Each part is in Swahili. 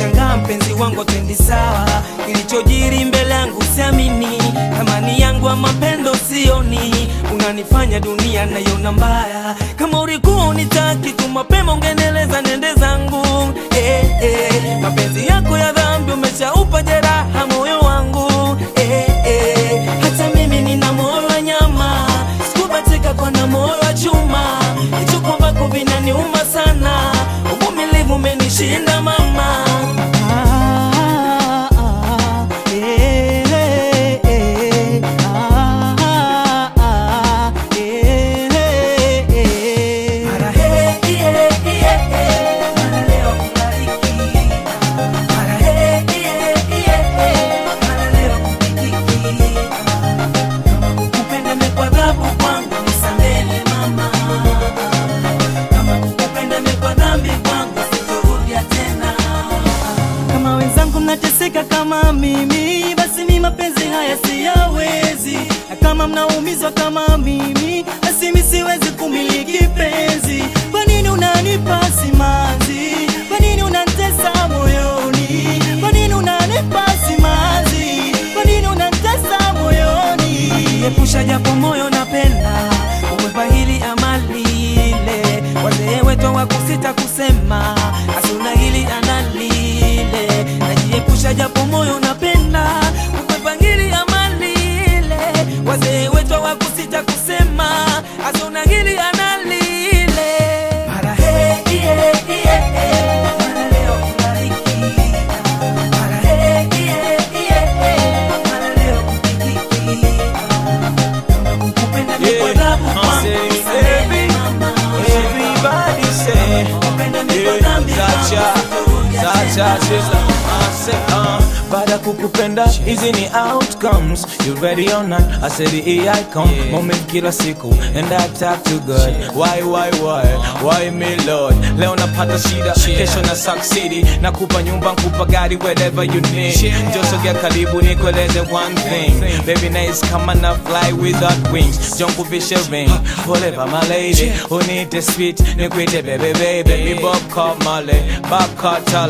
Nashangaa mpenzi wangu, twendi sawa, kilichojiri mbele yangu siamini, thamani yangu wa mapendo sioni, unanifanya dunia naiona mbaya. Kama ulikuwa unitaki tu mapema ungeneleza nende zangu eh, eh. Mapenzi yako ya dhambi umeshaupa jeraha moyo wangu eh, eh. Hata mimi nina moyo wa nyama, sikubatika kwa na moyo wa chuma, vichoko vyako vinaniuma sana, uvumilivu umenishinda siyawezi, kama mnaumizwa kama mimi, basi mimi siwezi kumiliki penzi. Kwa nini unanipa simanzi? Kwa nini unanitesa moyoni? Kwa nini unanipa simanzi? Kwa nini unanitesa moyoni? Epusha japo moyo napenda umwepa hili amali ile, wazee wetu wakusita kusema asuna hili analile, najiepusha Gotcha. Saa chache za maseka uh. baada kukupenda, hizi ni outcomes. You ready or not? I said the AI come yeah. Moment kila siku and I talk to God Why, why, why, why me Lord? Leo napata shida Kesho na succeed, kupa nyumba, nkupa gari whatever you need yeah. Njoo sogea karibu nikueleze one thing Baby nice kama na fly without wings, jongo vishe ring pole my lady yeah. Unite sweet nikuite baby baby yeah. Mi bob call male bab call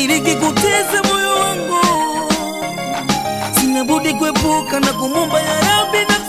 Kudiriki kikuteze moyo wangu, sina budi kuepuka na kumomba ya Rabbi na